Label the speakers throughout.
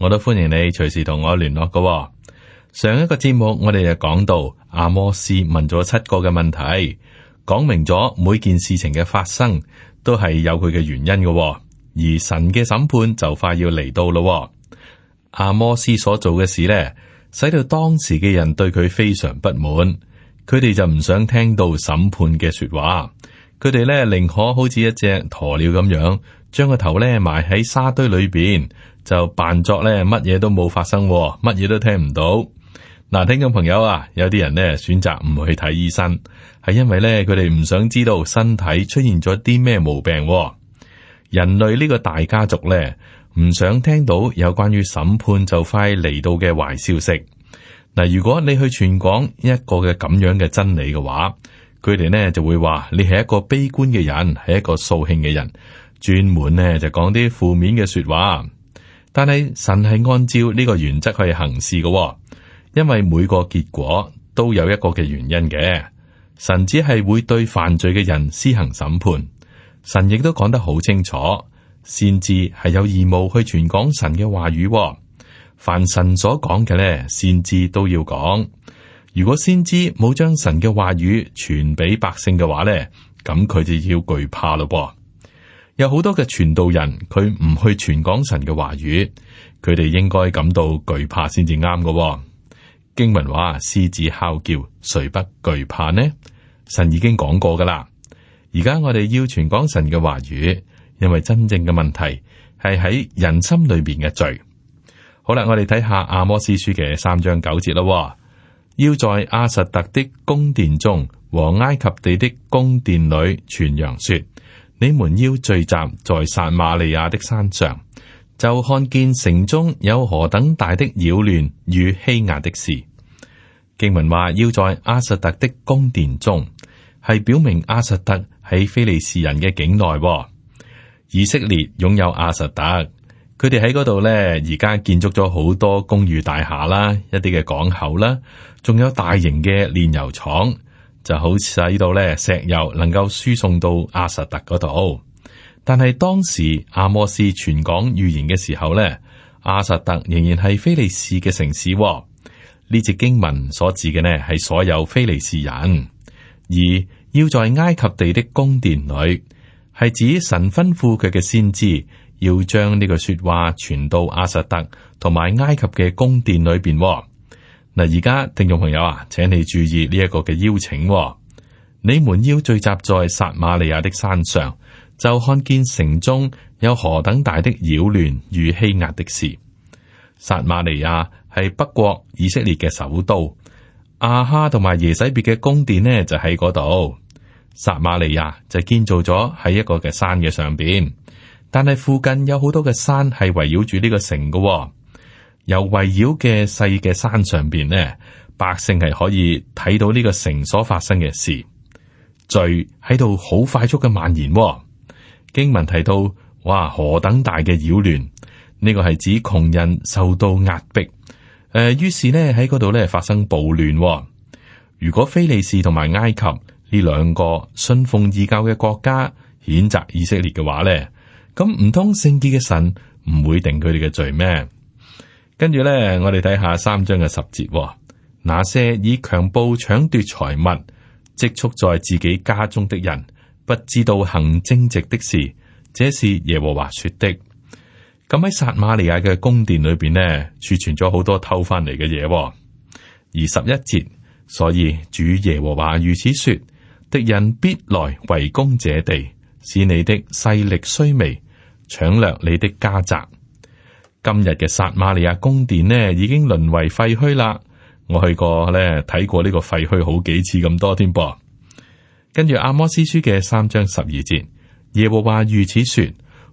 Speaker 1: 我都歡迎你隨時同我聯絡噶喎。上一個節目我哋就講到阿摩斯問咗七個嘅問題，講明咗每件事情嘅發生都係有佢嘅原因噶喎。而神嘅審判就快要嚟到咯喎。阿摩斯所做嘅事呢，使到當時嘅人對佢非常不滿，佢哋就唔想聽到審判嘅說話，佢哋呢，寧可好似一隻鴕鳥咁樣，將個頭呢埋喺沙堆裏邊。就扮作咧，乜嘢都冇發生，乜嘢都聽唔到。嗱，聽眾朋友啊，有啲人咧選擇唔去睇醫生，係因為咧佢哋唔想知道身體出現咗啲咩毛病。人類呢個大家族咧，唔想聽到有關於審判就快嚟到嘅壞消息。嗱，如果你去傳講一個嘅咁樣嘅真理嘅話，佢哋咧就會話你係一個悲觀嘅人，係一個掃興嘅人，專門咧就講啲負面嘅說話。但係神係按照呢個原則去行事㗎喎，因為每個結果都有一個嘅原因嘅。神只係會對犯罪嘅人施行審判。神亦都講得好清楚，先知係有義務去傳講神嘅話語，哦。凡神所講嘅咧，先知都要講。如果先知冇將神嘅話語傳俾百姓嘅話咧，咁佢就要懼怕嘞噃。有好多嘅傳道人，佢唔去傳講神嘅話語，佢哋應該感到懼怕先至啱嘅。經文話：獅子吼叫，誰不懼怕呢？神已經講過噶啦。而家我哋要傳講神嘅話語，因為真正嘅問題係喺人心裏邊嘅罪。好啦，我哋睇下阿摩司書嘅三章九節啦。要在亞實突的宮殿中和埃及地的宮殿裏傳揚說。你們要聚集在撒瑪利亞的山上，就看見城中有何等大的擾亂與欺壓的事。經文話，要在阿實特的宮殿中，係表明阿實特喺非利士人嘅境內。以色列擁有阿實特，佢哋喺嗰度呢，而家建築咗好多公寓大廈啦，一啲嘅港口啦，仲有大型嘅煉油廠。就好使到咧，石油能夠輸送到阿實特嗰度。但係當時阿摩斯傳講預言嘅時候咧，阿實特仍然係非利士嘅城市。呢隻經文所指嘅呢，係所有非利士人。而要在埃及地的宮殿裏，係指神吩咐佢嘅先知要將呢句說話傳到阿實特同埋埃及嘅宮殿裏邊。嗱，而家聽眾朋友啊，請你注意呢一個嘅邀請、哦，你們要聚集在撒馬利亞的山上，就看見城中有何等大的擾亂與欺壓的事。撒馬利亞係北國以色列嘅首都，亞哈同埋耶洗別嘅宮殿呢就喺嗰度。撒馬利亞就建造咗喺一個嘅山嘅上邊，但係附近有好多嘅山係圍繞住呢個城嘅、哦。由圍繞嘅細嘅山上邊呢，百姓係可以睇到呢個城所發生嘅事，罪喺度好快速嘅蔓延。經文提到，哇，何等大嘅擾亂？呢個係指窮人受到壓迫，誒、呃，於是呢，喺嗰度呢發生暴亂。如果非利士同埋埃及呢兩個信奉異教嘅國家譴責以色列嘅話呢，咁唔通聖潔嘅神唔會定佢哋嘅罪咩？跟住咧，我哋睇下三章嘅十節，哦，那些以強暴搶奪財物積蓄在自己家中的人，不知道行正直的事，這是耶和華說的。咁喺撒瑪利亞嘅宮殿裏邊呢，儲存咗好多偷翻嚟嘅嘢。而十一節，所以主耶和華如此說：敵人必來圍攻這地，使你的勢力衰微，搶掠你的家宅。今日嘅撒瑪利亞宮殿呢，已經淪為廢墟啦。我去過咧，睇過呢個廢墟好幾次咁多添噃。跟住《阿摩司書》嘅三章十二節，耶和華如此說：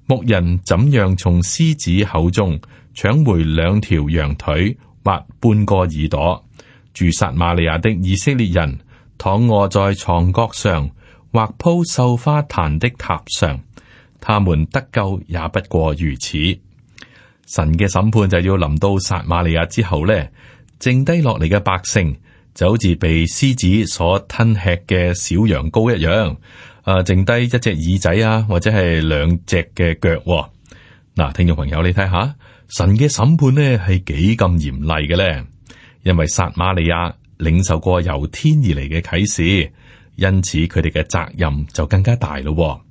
Speaker 1: 牧人怎樣從獅子口中搶回兩條羊腿或半個耳朵，住撒瑪利亞的以色列人躺臥在床角上或鋪繡花毯的榻上，他們得救也不過如此。神嘅審判就要臨到撒瑪利亞之後咧，剩低落嚟嘅百姓就好似被獅子所吞吃嘅小羊羔一樣。啊，剩低一隻耳仔啊，或者係兩隻嘅腳。嗱，聽眾朋友，你睇下神嘅審判呢係幾咁嚴厲嘅咧？因為撒瑪利亞領受過由天而嚟嘅啟示，因此佢哋嘅責任就更加大咯。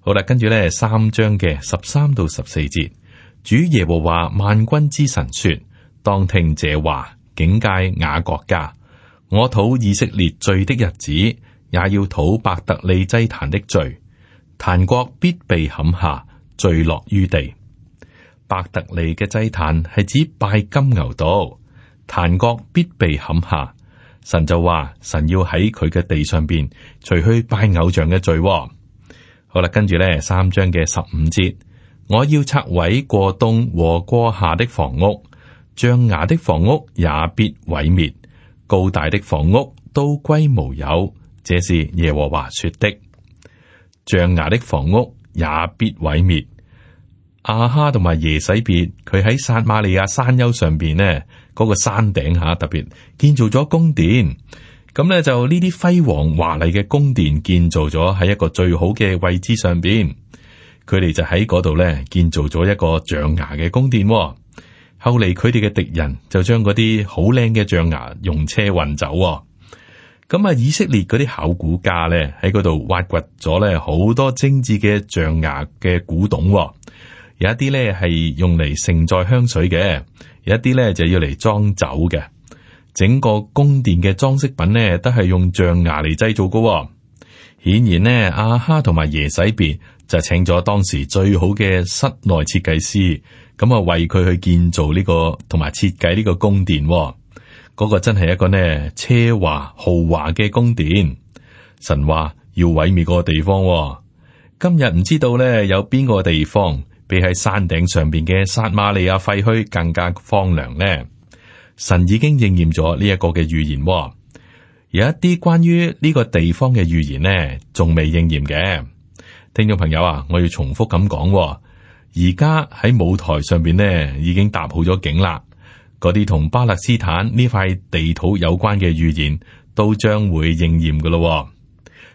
Speaker 1: 好啦，跟住咧三章嘅十三到十四節。主耶和華萬軍之神說：當聽這話，警戒雅各家。我討以色列罪的日子，也要討伯，伯特利祭壇的罪，壇國必被砍下，墜落於地。伯特利嘅祭壇係指拜金牛島，壇國必被砍下。神就話：神要喺佢嘅地上邊，除去拜偶像嘅罪。好啦，跟住咧，三章嘅十五節。我要拆毀過冬和過夏的房屋，象牙的房屋也必毀滅，高大的房屋都歸無有。這是耶和華說的。象牙的房屋也必毀滅。亞哈同埋耶洗別，佢喺撒馬利亞山丘上邊呢，嗰個山頂下特別建造咗宮殿。咁咧就呢啲輝煌華麗嘅宮殿建造咗喺一個最好嘅位置上邊。佢哋就喺嗰度咧建造咗一個象牙嘅宮殿，哦。後嚟，佢哋嘅敵人就將嗰啲好靚嘅象牙用車運走，哦。咁啊，以色列嗰啲考古家咧喺嗰度挖掘咗咧好多精致嘅象牙嘅古董，哦，有一啲咧係用嚟盛載香水嘅，有一啲咧就要嚟裝酒嘅。整個宮殿嘅裝飾品咧都係用象牙嚟製造嘅，哦。顯然呢，阿、啊、哈同埋耶洗別。就請咗當時最好嘅室內設計師，咁啊，為佢去建造呢個同埋設計呢個宮殿哦。嗰個真係一個呢奢華豪華嘅宮殿。神話要毀滅嗰個地方哦。今日唔知道呢有邊個地方比喺山頂上邊嘅撒馬利亞廢墟更加荒涼呢？神已經應驗咗呢一個嘅預言哦。有一啲關於呢個地方嘅預言呢，仲未應驗嘅。聽眾朋友啊，我要重複咁講，而家喺舞台上邊呢，已經搭好咗景啦。嗰啲同巴勒斯坦呢塊地土有關嘅預言，都將會應驗噶咯。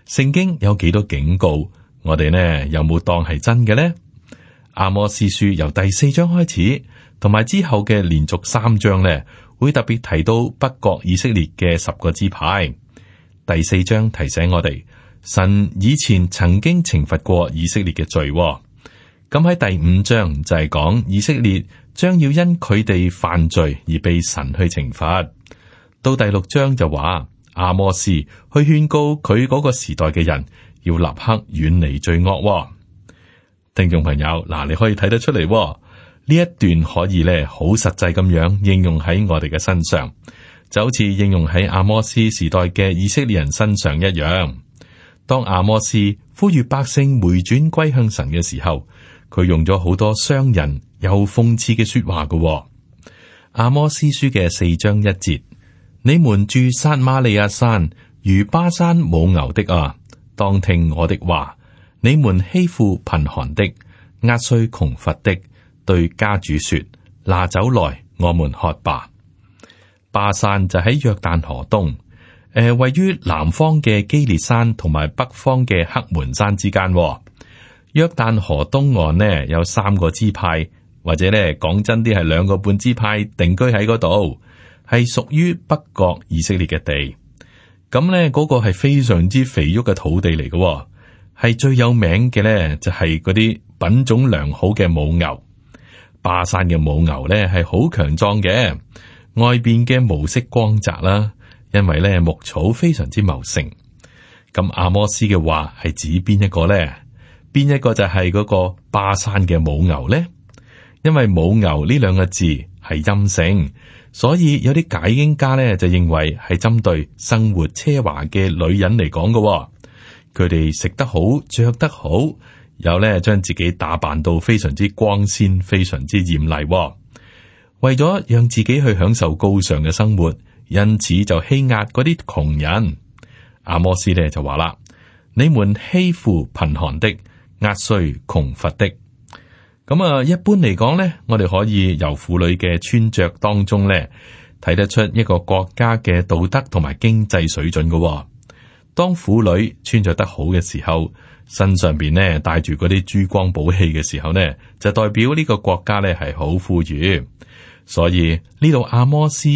Speaker 1: 聖經有幾多警告，我哋呢，有冇當係真嘅呢？阿摩司書由第四章開始，同埋之後嘅連續三章呢，會特別提到北國以色列嘅十個支派。第四章提醒我哋。神以前曾經懲罰過以色列嘅罪，喎，咁喺第五章就係講以色列將要因佢哋犯罪而被神去懲罰。到第六章就話阿摩斯去勸告佢嗰個時代嘅人要立刻遠離罪惡，喎。聽眾朋友嗱，你可以睇得出嚟喎。呢一段可以咧好實際咁樣應用喺我哋嘅身上，就好似應用喺阿摩斯時代嘅以色列人身上一樣。當阿摩司呼籲百姓回轉歸向神嘅時候，佢用咗好多傷人又諷刺嘅說話。嘅、哦，阿摩司書嘅四章一節：你們住撒瑪利亞山如巴山母牛的啊，當聽我的話。你們欺負貧寒的，壓碎窮乏的，對家主說：拿酒來，我們喝吧。巴山就喺約旦河東。誒，位於南方嘅基列山同埋北方嘅黑門山之間，約旦河東岸呢，有三個支派，或者呢講真啲係兩個半支派定居喺嗰度，係屬於北國以色列嘅地。咁呢嗰個係非常之肥沃嘅土地嚟嘅，係最有名嘅呢就係嗰啲品種良好嘅母牛，巴山嘅母牛呢係好強壯嘅，外邊嘅毛色光澤啦。因為咧，牧草非常之茂盛。咁阿摩斯嘅話係指邊一個呢？邊一個就係嗰個巴山嘅母牛呢？因為母牛呢兩個字係陰性，所以有啲解經家呢就認為係針對生活奢華嘅女人嚟講嘅。佢哋食得好，着得好，又呢將自己打扮到非常之光鮮，非常之艷麗，為咗讓自己去享受高尚嘅生活。因此就欺壓嗰啲窮人。阿摩司咧就話啦：你們欺負貧寒的，壓碎窮乏的。咁啊，一般嚟講咧，我哋可以由婦女嘅穿着當中咧睇得出一個國家嘅道德同埋經濟水準噶喎。當婦女穿着得好嘅時候，身上邊呢帶住嗰啲珠光寶氣嘅時候呢，就代表呢個國家咧係好富裕。所以呢度阿摩司。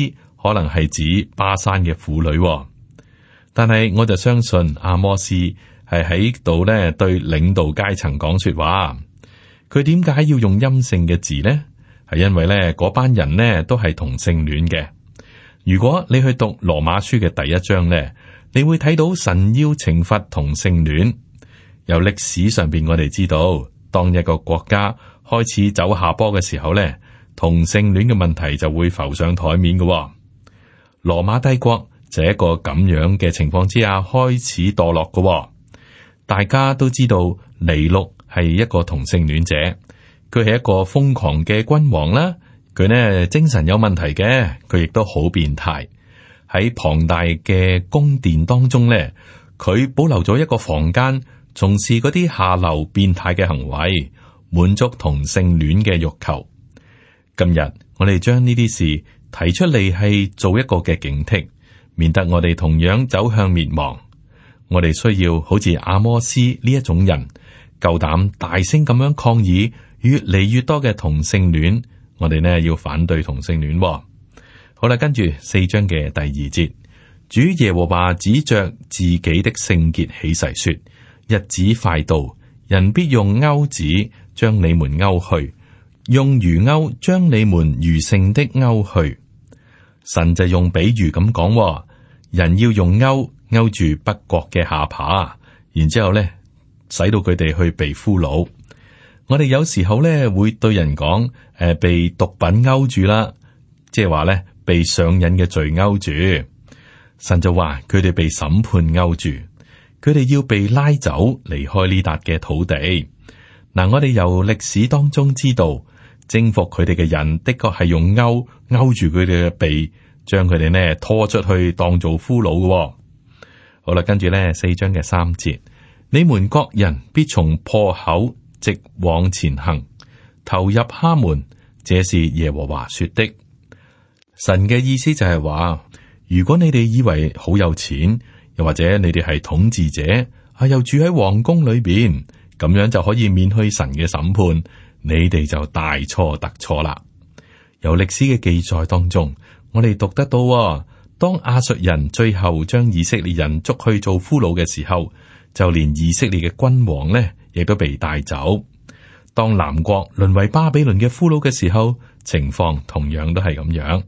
Speaker 1: 可能係指巴山嘅婦女、哦，但係我就相信阿摩斯係喺度呢對領導階層講說話。佢點解要用陰性嘅字呢？係因為呢嗰班人呢都係同性戀嘅。如果你去讀羅馬書嘅第一章呢，你會睇到神要懲罰同性戀。由歷史上邊我哋知道，當一個國家開始走下坡嘅時候呢，同性戀嘅問題就會浮上台面嘅、哦。羅馬帝國，就這一個咁樣嘅情況之下開始墮落嘅、哦。大家都知道尼祿係一個同性戀者，佢係一個瘋狂嘅君王啦。佢呢精神有問題嘅，佢亦都好變態。喺龐大嘅宮殿當中呢，佢保留咗一個房間，從事嗰啲下流變態嘅行為，滿足同性戀嘅慾求。今日我哋將呢啲事提出嚟係做一個嘅警惕，免得我哋同樣走向滅亡。我哋需要好似阿摩司呢一種人，夠膽大聲咁樣抗議。越嚟越多嘅同性戀，我哋呢要反對同性戀，哦。好啦，跟住四章嘅第二節，主耶和華指着自己的聖潔起誓說：日子快到，人必用鈎子將你們鈎去。用魚鈎將你們魚性的勾去，神就用比喻咁講，人要用鈎勾，勾住北國嘅下巴，然之後咧使到佢哋去被俘虜。我哋有時候咧會對人講：誒、呃，被毒品勾住啦，即係話咧被上癮嘅罪勾住。神就話佢哋被審判勾住，佢哋要被拉走離開呢笪嘅土地。嗱、呃，我哋由歷史當中知道，征服佢哋嘅人，的確係用勾勾住佢哋嘅鼻，將佢哋呢拖出去，當做俘虜嘅。好啦，跟住呢四章嘅三節，你們各人必從破口直往前行，投入哈門，這是耶和華說的。神嘅意思就係話，如果你哋以為好有錢，又或者你哋係統治者啊，又住喺皇宮裏邊，咁樣就可以免去神嘅審判。你哋就大錯特錯啦！由歷史嘅記載當中，我哋讀得到，哦，當亞述人最後將以色列人捉去做俘虜嘅時候，就連以色列嘅君王呢亦都被帶走。當南國淪為巴比倫嘅俘虜嘅時候，情況同樣都係咁樣。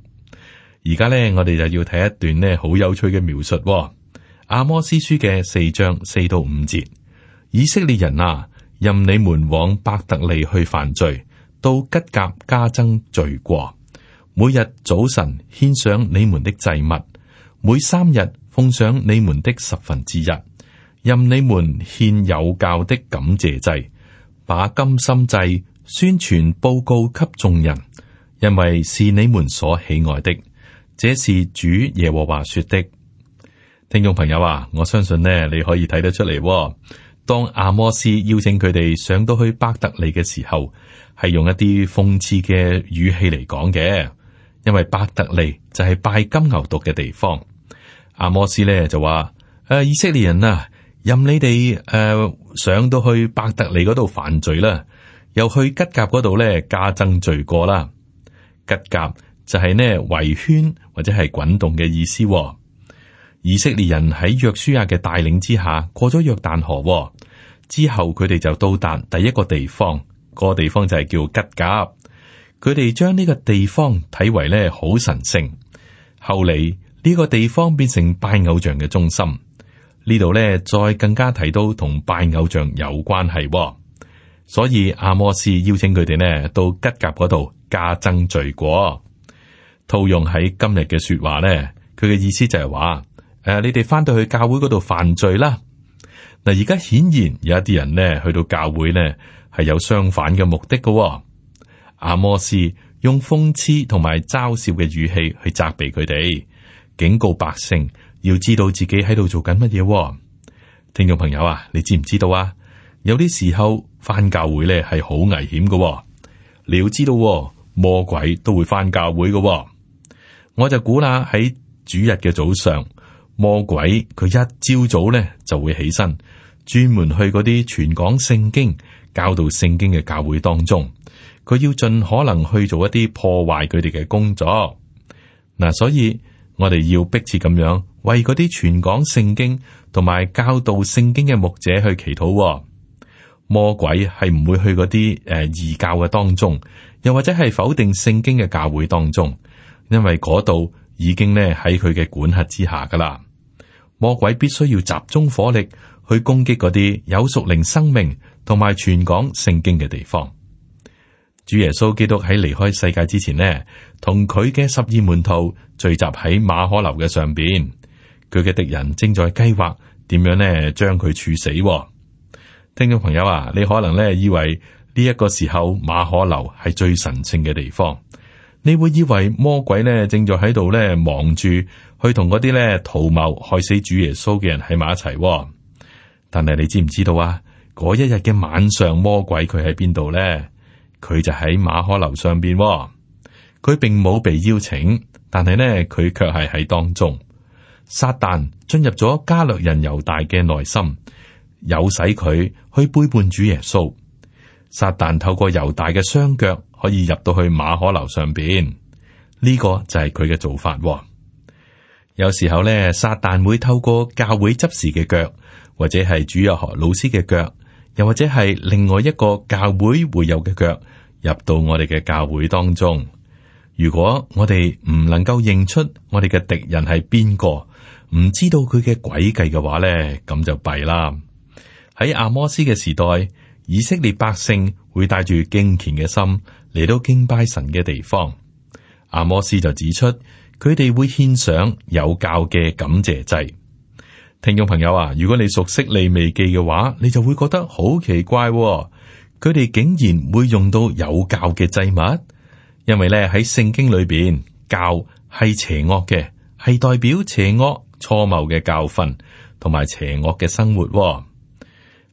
Speaker 1: 而家呢，我哋就要睇一段呢好有趣嘅描述，哦，《阿摩司書》嘅四章四到五節，以色列人啊！任你們往伯特利去犯罪，到吉甲加增罪過。每日早晨獻上你們的祭物，每三日奉上你們的十分之一。任你們獻有酵的感謝祭，把甘心祭宣傳報告給眾人，因為是你們所喜愛的。這是主耶和華說的。聽眾朋友啊，我相信呢，你可以睇得出嚟，哦。當阿摩斯邀請佢哋上到去伯特利嘅時候，係用一啲諷刺嘅語氣嚟講嘅，因為伯特利就係拜金牛犢嘅地方。阿摩斯咧就話：誒、啊，以色列人啊，任你哋誒、啊、上到去伯特利嗰度犯罪啦，又去吉甲嗰度咧加增罪過啦。吉甲就係呢圍圈或者係滾動嘅意思、哦。以色列人喺約書亞嘅帶領之下過咗約旦河，之後佢哋就到達第一個地方，嗰個地方就係叫吉甲。佢哋將呢個地方睇為咧好神聖，後嚟呢個地方變成拜偶像嘅中心。呢度咧再更加提到同拜偶像有關係，所以阿摩斯邀請佢哋呢到吉甲嗰度加增罪過。套用喺今日嘅說話咧，佢嘅意思就係話。誒、啊，你哋翻到去教會嗰度犯罪啦。嗱，而家顯然有一啲人呢，去到教會呢係有相反嘅目的噶、哦。阿摩司用諷刺同埋嘲笑嘅語氣去責備佢哋，警告百姓要知道自己喺度做緊乜嘢。聽眾朋友啊，你知唔知道啊？有啲時候翻教會呢係好危險噶、哦。你要知道、哦，魔鬼都會翻教會噶、哦。我就估啦，喺主日嘅早上。魔鬼佢一朝早咧就會起身，專門去嗰啲傳講聖經、教導聖經嘅教會當中，佢要盡可能去做一啲破壞佢哋嘅工作。嗱，所以我哋要迫切咁樣為嗰啲傳講聖經同埋教導聖經嘅牧者去祈禱、哦。魔鬼係唔會去嗰啲誒異教嘅當中，又或者係否定聖經嘅教會當中，因為嗰度。已經咧喺佢嘅管轄之下噶啦，魔鬼必須要集中火力去攻擊嗰啲有屬靈生命同埋傳講聖經嘅地方。主耶穌基督喺離開世界之前呢，同佢嘅十二門徒聚集喺馬可樓嘅上邊，佢嘅敵人正在計劃點樣咧將佢處死。聽眾朋友啊，你可能呢以為呢一個時候馬可樓係最神聖嘅地方。你會以為魔鬼咧正在喺度咧忙住去同嗰啲咧圖謀害死主耶穌嘅人喺埋一齊、哦，但係你知唔知道啊？嗰一日嘅晚上，魔鬼佢喺邊度呢？佢就喺馬可樓上邊、哦，佢並冇被邀請，但係呢，佢卻係喺當中。撒旦進入咗加略人猶大嘅內心，誘使佢去背叛主耶穌。撒旦透過猶大嘅雙腳。可以入到去馬可樓上邊，呢、這個就係佢嘅做法、哦。有時候咧，撒旦會透過教會執事嘅腳，或者係主日學老師嘅腳，又或者係另外一個教會會友嘅腳入到我哋嘅教會當中。如果我哋唔能夠認出我哋嘅敵人係邊個，唔知道佢嘅詭計嘅話咧，咁就弊啦。喺阿摩司嘅時代，以色列百姓。會帶住敬虔嘅心嚟到敬拜神嘅地方，阿摩司就指出佢哋會獻上有酵嘅感謝祭。聽眾朋友啊，如果你熟悉利未記嘅話，你就會覺得好奇怪、哦，佢哋竟然會用到有酵嘅祭物，因為咧喺聖經裏邊，酵係邪惡嘅，係代表邪惡、錯謬嘅教訓同埋邪惡嘅生活喎、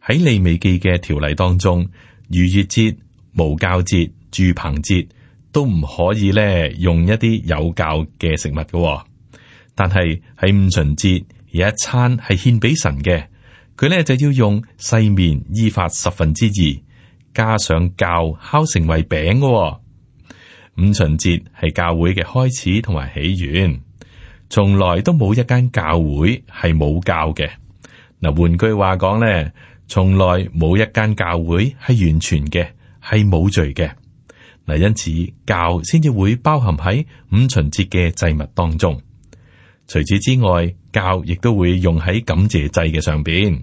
Speaker 1: 喺利未記嘅條例當中。逾越節、無酵節、住棚節都唔可以咧用一啲有酵嘅食物噶、哦，但係喺五旬節，有一餐係獻俾神嘅，佢咧就要用細麵依法十分之二，加上酵，烤成為餅嘅、哦。五旬節係教會嘅開始同埋起源，從來都冇一間教會係冇教嘅。嗱，換句話講咧。從來冇一間教會係完全嘅，係冇罪嘅。嗱，因此教先至會包含喺五旬節嘅祭物當中。除此之外，教亦都會用喺感謝祭嘅上邊。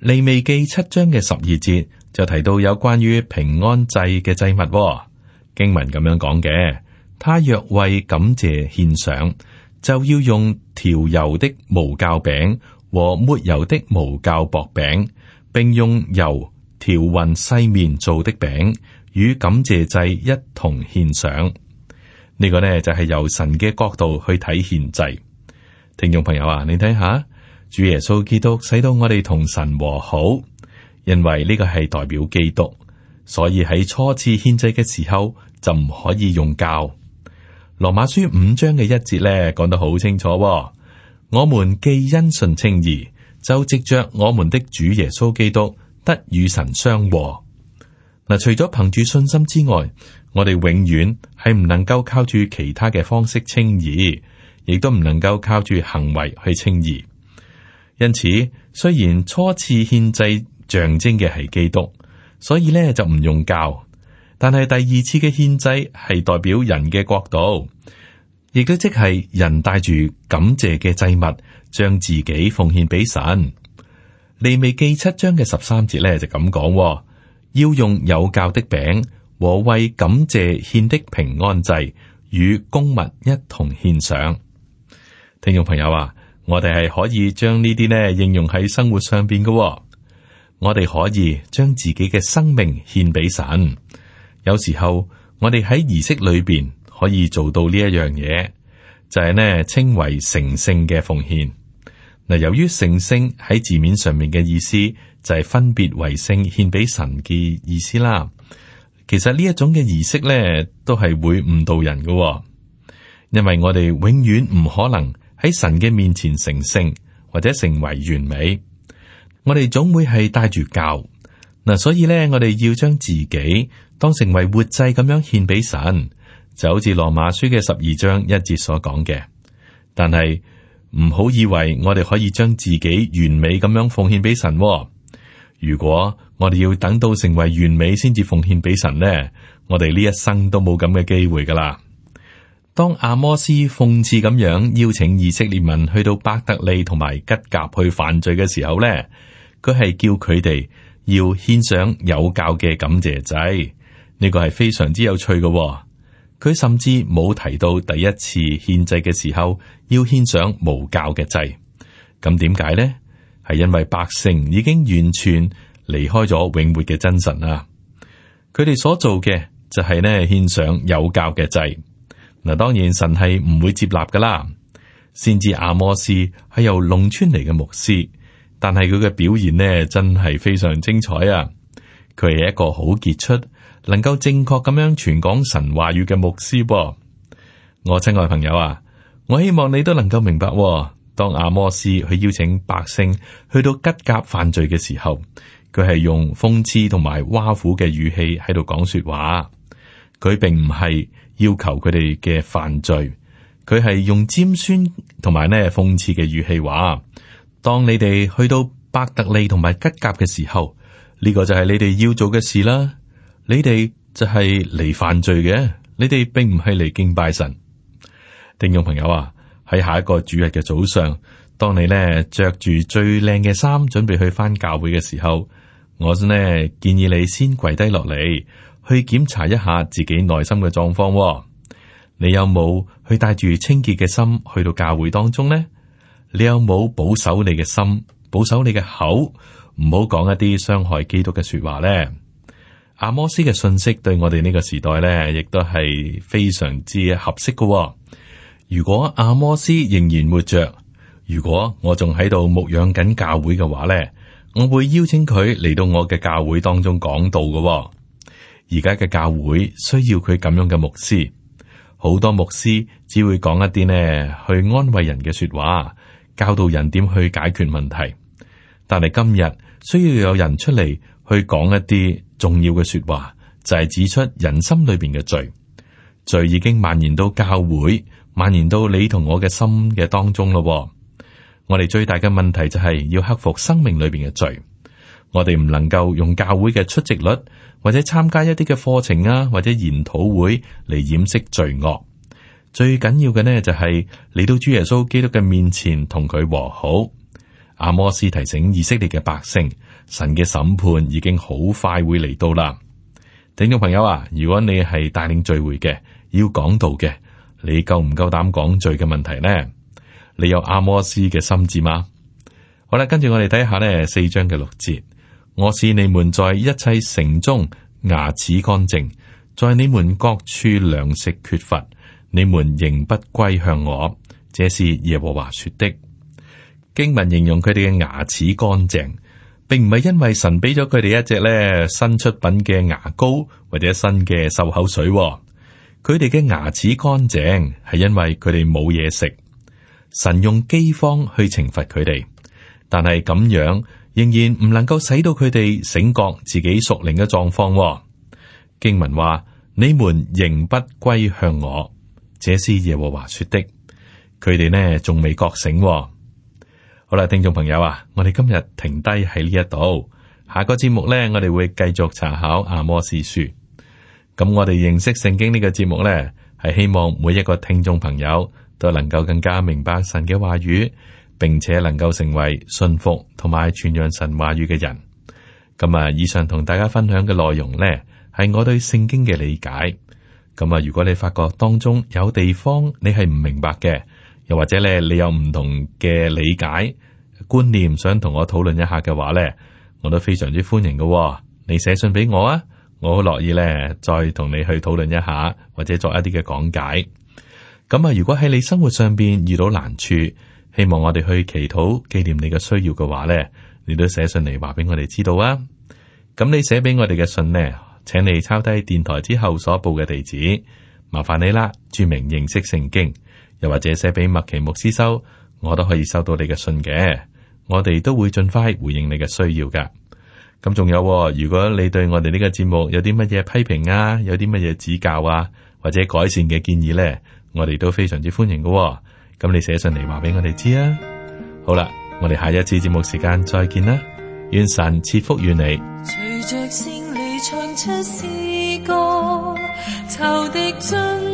Speaker 1: 利未記七章嘅十二節就提到有關於平安祭嘅祭物喎。經文咁樣講嘅，他若為感謝獻上，就要用調油的無酵餅和抹油的無酵薄餅。並用油調勻細麵做的餅，與感謝祭一同獻上。呢、這個呢，就係、是、由神嘅角度去睇獻祭。聽眾朋友啊，你睇下，主耶穌基督使到我哋同神和好，因為呢個係代表基督，所以喺初次獻祭嘅時候就唔可以用酵。羅馬書五章嘅一節呢，講得好清楚、哦，我們既因信稱義。就藉着我們的主耶穌基督得與神相和。嗱，除咗憑住信心之外，我哋永遠係唔能夠靠住其他嘅方式稱義，亦都唔能夠靠住行為去稱義。因此，雖然初次獻祭象徵嘅係基督，所以咧就唔用教，但係第二次嘅獻祭係代表人嘅國度，亦都即係人帶住感謝嘅祭物。將自己奉獻畀神。利未記七章嘅十三節咧就咁講，哦，要用有教的餅和為感謝獻的平安祭與供物一同獻上。聽眾朋友啊，我哋係可以將呢啲呢應用喺生活上邊嘅，哦。我哋可以將自己嘅生命獻俾神。有時候我哋喺儀式裏邊可以做到呢一樣嘢，就係、是、呢稱為神聖嘅奉獻。嗱，由於成聖喺字面上面嘅意思就係分別為聖獻俾神嘅意思啦，其實呢一種嘅儀式咧都係會誤導人嘅，因為我哋永遠唔可能喺神嘅面前成聖或者成為完美，我哋總會係帶住教嗱，所以咧我哋要將自己當成為活祭咁樣獻俾神，就好似羅馬書嘅十二章一節所講嘅，但係。唔好以為我哋可以將自己完美咁樣奉獻俾神，哦。如果我哋要等到成為完美先至奉獻俾神呢，我哋呢一生都冇咁嘅機會噶啦。當阿摩司諷刺咁樣邀請以色列民去到伯特利同埋吉甲去犯罪嘅時候呢，佢係叫佢哋要獻上有酵嘅感謝祭。呢、這個係非常之有趣嘅，哦。佢甚至冇提到第一次獻祭嘅時候要獻上無酵嘅祭，咁點解呢？係因為百姓已經完全離開咗永活嘅真神啊！佢哋所做嘅就係呢，獻上有酵嘅祭，嗱，當然神係唔會接納噶啦。先知阿摩司係由農村嚟嘅牧師，但係佢嘅表現呢，真係非常精彩啊！佢係一個好傑出能夠正確咁樣傳講神話語嘅牧師，我親愛朋友啊，我希望你都能夠明白啊。當阿摩斯去邀請百姓去到吉甲犯罪嘅時候，佢係用諷刺同埋挖苦嘅語氣喺度講說話。佢並唔係要求佢哋嘅犯罪，佢係用尖酸同埋呢諷刺嘅語氣話：當你哋去到伯特利同埋吉甲嘅時候，呢個就係你哋要做嘅事啦。你哋就係嚟犯罪嘅，你哋並唔係嚟敬拜神。聽眾朋友啊，喺下一個主日嘅早上，當你呢着住最靚嘅衫，準備去翻教會嘅時候，我呢建議你先跪低落嚟，去檢查一下自己內心嘅狀況喎。你有冇去帶住清潔嘅心去到教會當中呢？你有冇保守你嘅心，保守你嘅口，唔好講一啲傷害基督嘅說話呢？阿摩司嘅信息對我哋呢個時代咧，亦都係非常之合適嘅。哦，如果阿摩司仍然活着，如果我仲喺度牧養緊教會嘅話咧，我會邀請佢嚟到我嘅教會當中講道嘅。哦，而家嘅教會需要佢咁樣嘅牧師，好多牧師只會講一啲咧去安慰人嘅說話，教導人點去解決問題。但係今日需要有人出嚟。去講一啲重要嘅說話，就係指出人心裏邊嘅罪，罪已經蔓延到教會，蔓延到你同我嘅心嘅當中咯。我哋最大嘅問題就係要克服生命裏邊嘅罪，我哋唔能夠用教會嘅出席率，或者參加一啲嘅課程啊，或者研討會嚟掩飾罪惡。最緊要嘅呢，就係你到主耶穌基督嘅面前同佢和好。阿摩司提醒以色列嘅百姓，神嘅審判已經好快會嚟到啦。聽眾朋友啊，如果你係帶領聚會嘅，要講道嘅，你夠唔夠膽講罪嘅問題呢？你有阿摩司嘅心智嗎？好啦，跟住我哋睇下咧四章嘅六節，我使你們在一切城中牙齒乾淨，在你們各處糧食缺乏，你們仍不歸向我，這是耶和華說的。經文形容佢哋嘅牙齒乾淨，並唔係因為神畀咗佢哋一隻咧新出品嘅牙膏或者新嘅漱口水、哦。佢哋嘅牙齒乾淨係因為佢哋冇嘢食。神用饑荒去懲罰佢哋，但係咁樣仍然唔能夠使到佢哋醒覺自己屬靈嘅狀況、哦。經文話：你們仍不歸向我，這是耶和華說的。佢哋呢仲未覺醒、哦。好啦，聽眾朋友啊，我哋今日停低喺呢一度，下個節目咧，我哋會繼續查考阿摩司書。咁我哋認識聖經呢個節目咧，係希望每一個聽眾朋友都能夠更加明白神嘅話語，並且能夠成為信服同埋傳揚神話語嘅人。咁啊，以上同大家分享嘅內容咧，係我對聖經嘅理解。咁啊，如果你發覺當中有地方你係唔明白嘅。又或者咧，你有唔同嘅理解觀念，想同我討論一下嘅話咧，我都非常之歡迎嘅喎。你寫信俾我啊，我好樂意咧，再同你去討論一下，或者作一啲嘅講解。咁啊，如果喺你生活上邊遇到難處，希望我哋去祈禱紀念你嘅需要嘅話咧，你都寫信嚟話俾我哋知道啊。咁你寫俾我哋嘅信呢，請你抄低電台之後所報嘅地址，麻煩你啦，注明認識聖經。又或者寫俾麥其牧師收，我都可以收到你嘅信嘅，我哋都會盡快回應你嘅需要噶。咁仲有，如果你對我哋呢個節目有啲乜嘢批評啊，有啲乜嘢指教啊，或者改善嘅建議呢，我哋都非常之歡迎噶、哦。咁你寫信嚟話俾我哋知啊。好啦，我哋下一次節目時間再見啦，願神賜福與你。